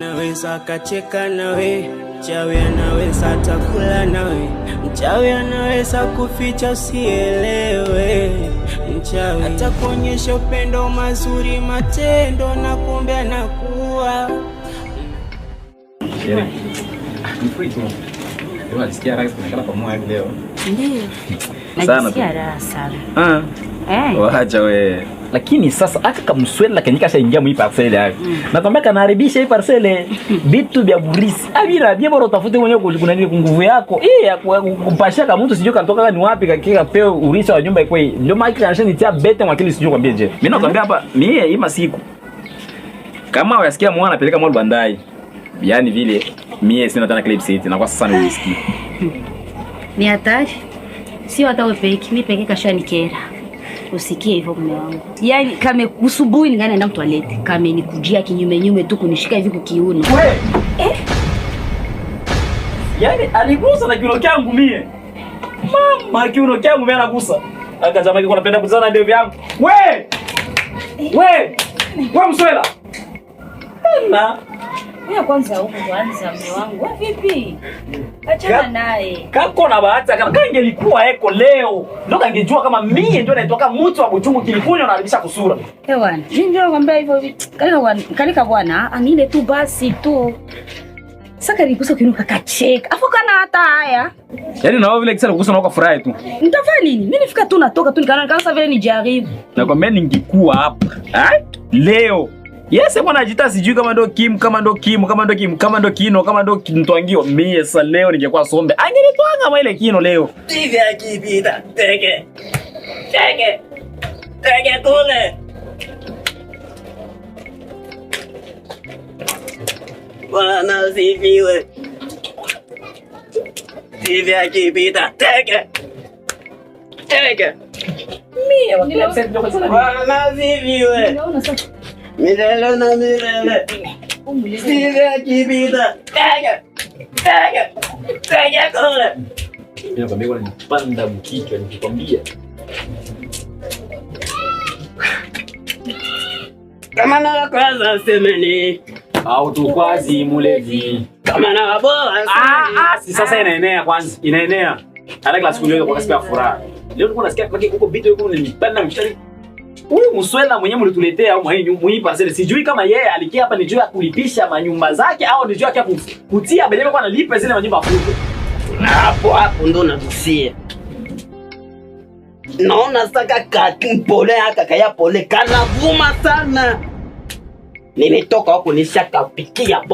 naweza kacheka nawe, mchawi anaweza takula nawe, mchawi anaweza kuficha usielewe, mchawi atakuonyesha upendo, mazuri matendo, na kumbe anakuwa Unajisikia raha kushana pamoja leo? Ndio. Najisikia raha sana. Ah. Eh. Waacha wewe. Lakini sasa aka kamswela kenyika shaingia mwi parcele hapo. Mm. Nakwambia kanaharibisha hii parcele. Eh. Vitu vya burisi. Abira, ah, nye bora utafute mwenyewe kuna nini nguvu yako. Eh, ya kupashia kama mtu sijui katoka ni wapi kakika peo urisi wa nyumba iko hii. Ndio maana kanasha nitia bete mwakili sijui kwambie je. Mimi nakwambia hapa mie hii masiku. Kama unasikia mwana anapeleka mwa bandai. Yaani vile Mie sina tena clip na kwa sasa ni whisky. Ni hatari. Sio hata wewe peke, mimi peke kashanikera. Usikie hivyo mume wangu. Yaani kama usubuhi ningana naenda kama ni kujia kinyume nyume tu kunishika hivi kukiuno. Wewe. Eh? Yaani aligusa na kiuno changu mie. Mama kiuno changu mie anagusa. Aka jamaa yako anapenda kuzana ndio vyangu. Wewe. Eh? Wewe. Wewe mswela. Na wewe kwanza huko kwanza mume wangu. Wewe vipi? Achana naye. Kako na bahati kama kange likuwa eko leo. Ndio kangejua kama mimi ndio naitoka mtu wa buchumu kilikunywa na alibisha kusura. Eh bwana, mimi ndio nakwambia hivyo vipi? Kalika bwana, kalika bwana, anile tu basi tu. Saka nikusa kinuka kacheka. Afu kana hata haya. Yaani naona vile kisa kukusa na kwa furaha tu. Nitafanya nini? Mimi nifika tu natoka tu nikaanza vile nijaribu. Nakwambia ningekuwa hapa. Ah? Leo Yes, bwana ajita sijui kama ndo Kim, kama ndo Kim, kama ndo Kim, kama ndo Kino, kama ndo Mtwangio. Mie sa leo ningekuwa Sombe. Angenitwanga kama ile Kino leo. Tivi ya akipita. Teke. Teke. Teke tule. Bwana usifiwe. Tivi ya akipita. Teke. Teke. Mie wangilia msaidia kwa sana. Bwana usifiwe. Unaona sasa? milele na milele sile kibida tega tega tega kule. Nakwambia kwa nipanda mkichwa nikikwambia kama na wakwaza semeni au tukwazi mulezi kama na waboa ah, ah, si sasa inaenea kwanza, inaenea hata kila siku kwa kasi ya furaha leo, nasikia huko bito yuko ni nipanda mshari huyu Muswela mwenye mlituletea au mwenye parcel, sijui kama yeye alikia hapa ni juu ya kulipisha manyumba zake au ni juu ya kutia benyewe kwa analipa zile manyumba kubwa. Na hapo hapo ndo nagusia. Naona saka kati pole haka kaya pole kanavuma sana. Nimetoka huko nishakapikia